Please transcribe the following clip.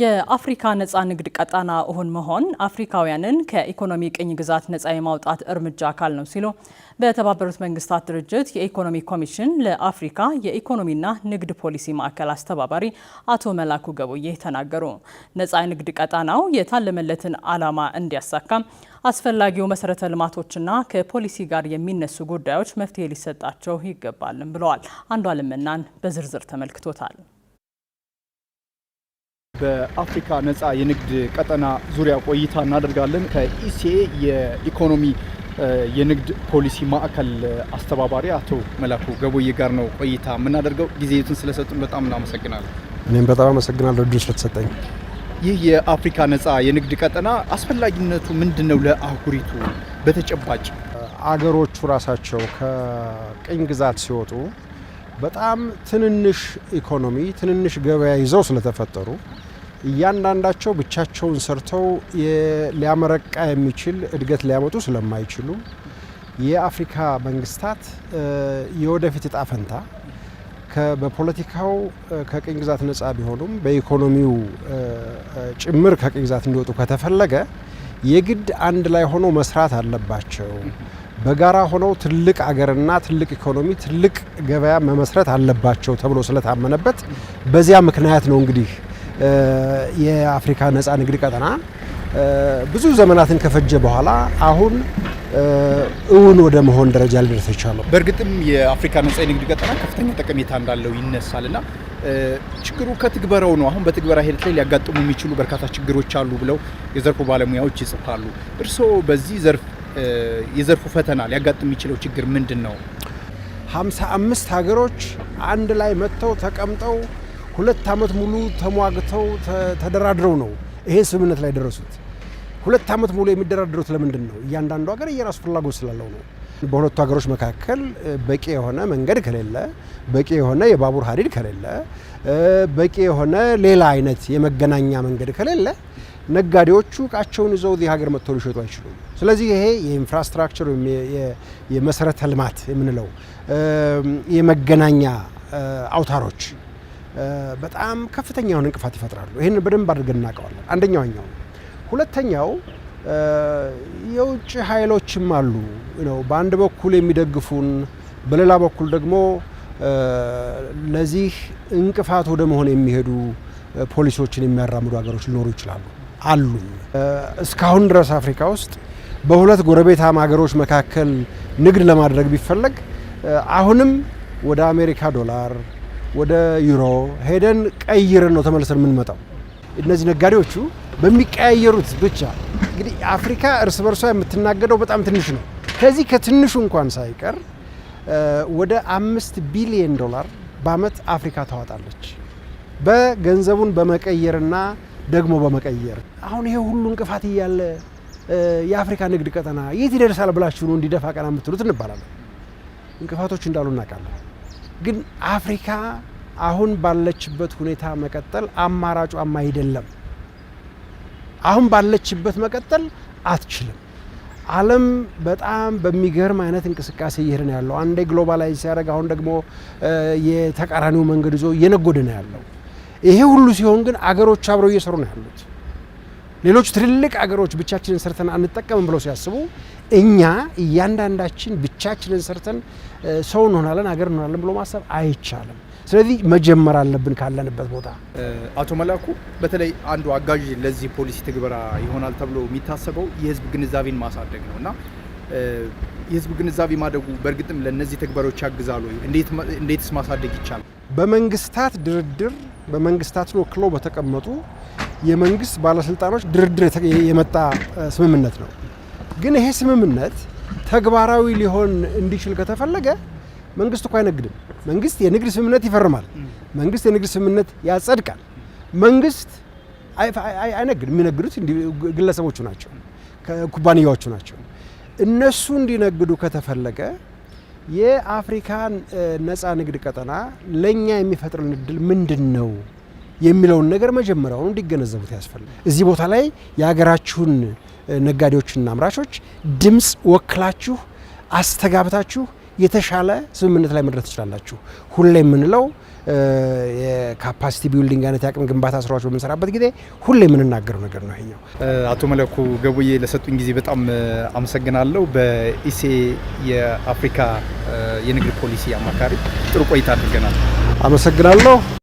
የአፍሪካ ነጻ ንግድ ቀጣና እሁን መሆን አፍሪካውያንን ከኢኮኖሚ ቅኝ ግዛት ነጻ የማውጣት እርምጃ አካል ነው ሲሉ በተባበሩት መንግስታት ድርጅት የኢኮኖሚ ኮሚሽን ለአፍሪካ የኢኮኖሚና ንግድ ፖሊሲ ማዕከል አስተባባሪ አቶ መላኩ ገቦዬ ተናገሩ። ነጻ ንግድ ቀጣናው የታለመለትን ዓላማ እንዲያሳካ አስፈላጊው መሰረተ ልማቶችና ከፖሊሲ ጋር የሚነሱ ጉዳዮች መፍትሄ ሊሰጣቸው ይገባልም ብለዋል። አንዷ ልምናን በዝርዝር ተመልክቶታል። በአፍሪካ ነፃ የንግድ ቀጠና ዙሪያ ቆይታ እናደርጋለን ከኢሲኤ የኢኮኖሚ የንግድ ፖሊሲ ማዕከል አስተባባሪ አቶ መላኩ ገቦዬ ጋር ነው ቆይታ የምናደርገው። ጊዜቱን ስለሰጡን በጣም እናመሰግናለን። እኔም በጣም አመሰግናለሁ እድል ስለተሰጠኝ። ይህ የአፍሪካ ነፃ የንግድ ቀጠና አስፈላጊነቱ ምንድን ነው? ለአህጉሪቱ በተጨባጭ አገሮቹ ራሳቸው ከቅኝ ግዛት ሲወጡ በጣም ትንንሽ ኢኮኖሚ፣ ትንንሽ ገበያ ይዘው ስለተፈጠሩ እያንዳንዳቸው ብቻቸውን ሰርተው ሊያመረቃ የሚችል እድገት ሊያመጡ ስለማይችሉ የአፍሪካ መንግስታት የወደፊት እጣ ፈንታ በፖለቲካው ከቅኝ ግዛት ነጻ ቢሆኑም በኢኮኖሚው ጭምር ከቅኝ ግዛት እንዲወጡ ከተፈለገ የግድ አንድ ላይ ሆኖ መስራት አለባቸው። በጋራ ሆነው ትልቅ አገርና ትልቅ ኢኮኖሚ፣ ትልቅ ገበያ መመስረት አለባቸው ተብሎ ስለታመነበት በዚያ ምክንያት ነው እንግዲህ የአፍሪካ ነፃ ንግድ ቀጠና ብዙ ዘመናትን ከፈጀ በኋላ አሁን እውን ወደ መሆን ደረጃ ሊደርስ ይቻሉ። በእርግጥም የአፍሪካ ነጻ የንግድ ቀጠና ከፍተኛ ጠቀሜታ እንዳለው ይነሳልና ችግሩ ከትግበራው ነው። አሁን በትግበራ ሂደት ላይ ሊያጋጥሙ የሚችሉ በርካታ ችግሮች አሉ ብለው የዘርፉ ባለሙያዎች ይጽፋሉ። እርስዎ በዚህ ዘርፍ የዘርፉ ፈተና ሊያጋጥም የሚችለው ችግር ምንድን ነው? ሀምሳ አምስት ሀገሮች አንድ ላይ መጥተው ተቀምጠው ሁለት ዓመት ሙሉ ተሟግተው ተደራድረው ነው ይሄ ስምምነት ላይ ደረሱት። ሁለት ዓመት ሙሉ የሚደራደሩት ለምንድን ነው? እያንዳንዱ ሀገር የራሱ ፍላጎት ስላለው ነው። በሁለቱ ሀገሮች መካከል በቂ የሆነ መንገድ ከሌለ፣ በቂ የሆነ የባቡር ሀዲድ ከሌለ፣ በቂ የሆነ ሌላ አይነት የመገናኛ መንገድ ከሌለ ነጋዴዎቹ እቃቸውን ይዘው እዚህ ሀገር መጥተው ሊሸጡ አይችሉም። ስለዚህ ይሄ የኢንፍራስትራክቸር የመሰረተ ልማት የምንለው የመገናኛ አውታሮች በጣም ከፍተኛ የሆነ እንቅፋት ይፈጥራሉ። ይህንን በደንብ አድርገን እናውቀዋለን። አንደኛው ኛው ሁለተኛው የውጭ ኃይሎችም አሉ ነው በአንድ በኩል የሚደግፉን፣ በሌላ በኩል ደግሞ ለዚህ እንቅፋት ወደ መሆን የሚሄዱ ፖሊሲዎችን የሚያራምዱ ሀገሮች ሊኖሩ ይችላሉ አሉ። እስካሁን ድረስ አፍሪካ ውስጥ በሁለት ጎረቤታማ ሀገሮች መካከል ንግድ ለማድረግ ቢፈለግ አሁንም ወደ አሜሪካ ዶላር ወደ ዩሮ ሄደን ቀይረን ነው ተመልሰን የምንመጣው። እነዚህ ነጋዴዎቹ በሚቀያየሩት ብቻ እንግዲህ አፍሪካ እርስ በርሷ የምትናገደው በጣም ትንሽ ነው። ከዚህ ከትንሹ እንኳን ሳይቀር ወደ አምስት ቢሊየን ዶላር በአመት አፍሪካ ታዋጣለች በገንዘቡን በመቀየርና ደግሞ በመቀየር። አሁን ይሄ ሁሉ እንቅፋት እያለ የአፍሪካ ንግድ ቀጠና የት ይደርሳል ብላችሁ ነው እንዲደፋ ቀና የምትሉት? እንባላለን። እንቅፋቶች እንዳሉ እናውቃለን። ግን አፍሪካ አሁን ባለችበት ሁኔታ መቀጠል አማራጯም አይደለም። አሁን ባለችበት መቀጠል አትችልም። ዓለም በጣም በሚገርም አይነት እንቅስቃሴ እየሄደ ነው ያለው። አንዴ ግሎባላይዝ ሲያደርግ፣ አሁን ደግሞ የተቃራኒው መንገድ ይዞ እየነጎደ ነው ያለው። ይሄ ሁሉ ሲሆን ግን አገሮች አብረው እየሰሩ ነው ያሉት። ሌሎች ትልልቅ አገሮች ብቻችንን ሰርተን አንጠቀምም ብለው ሲያስቡ እኛ እያንዳንዳችን ብቻችንን ሰርተን ሰው እንሆናለን ሀገር እንሆናለን ብሎ ማሰብ አይቻልም። ስለዚህ መጀመር አለብን ካለንበት ቦታ። አቶ መላኩ በተለይ አንዱ አጋዥ ለዚህ ፖሊሲ ትግበራ ይሆናል ተብሎ የሚታሰበው የህዝብ ግንዛቤን ማሳደግ ነው እና የህዝብ ግንዛቤ ማደጉ በእርግጥም ለእነዚህ ተግባሮች ያግዛሉ። እንዴትስ ማሳደግ ይቻላል? በመንግስታት ድርድር በመንግስታትን ወክሎ በተቀመጡ የመንግስት ባለስልጣኖች ድርድር የመጣ ስምምነት ነው። ግን ይሄ ስምምነት ተግባራዊ ሊሆን እንዲችል ከተፈለገ መንግስት እኮ አይነግድም። መንግስት የንግድ ስምምነት ይፈርማል። መንግስት የንግድ ስምምነት ያጸድቃል። መንግስት አይነግድም። የሚነግዱት ግለሰቦቹ ናቸው፣ ኩባንያዎቹ ናቸው። እነሱ እንዲነግዱ ከተፈለገ የአፍሪካን ነፃ ንግድ ቀጠና ለእኛ የሚፈጥርን እድል ምንድን ነው የሚለውን ነገር መጀመሪያውኑ እንዲገነዘቡት ያስፈልጋል። እዚህ ቦታ ላይ የሀገራችሁን ነጋዴዎችና አምራቾች ድምፅ ወክላችሁ አስተጋብታችሁ የተሻለ ስምምነት ላይ መድረስ ትችላላችሁ። ሁሌ የምንለው የካፓሲቲ ቢልዲንግ አይነት የአቅም ግንባታ ስራዎች በምንሰራበት ጊዜ ሁሌ የምንናገረው ነገር ነው ይሄኛው። አቶ መለኩ ገቡዬ ለሰጡኝ ጊዜ በጣም አመሰግናለሁ። በኢሴ የአፍሪካ የንግድ ፖሊሲ አማካሪ ጥሩ ቆይታ አድርገናል። አመሰግናለሁ።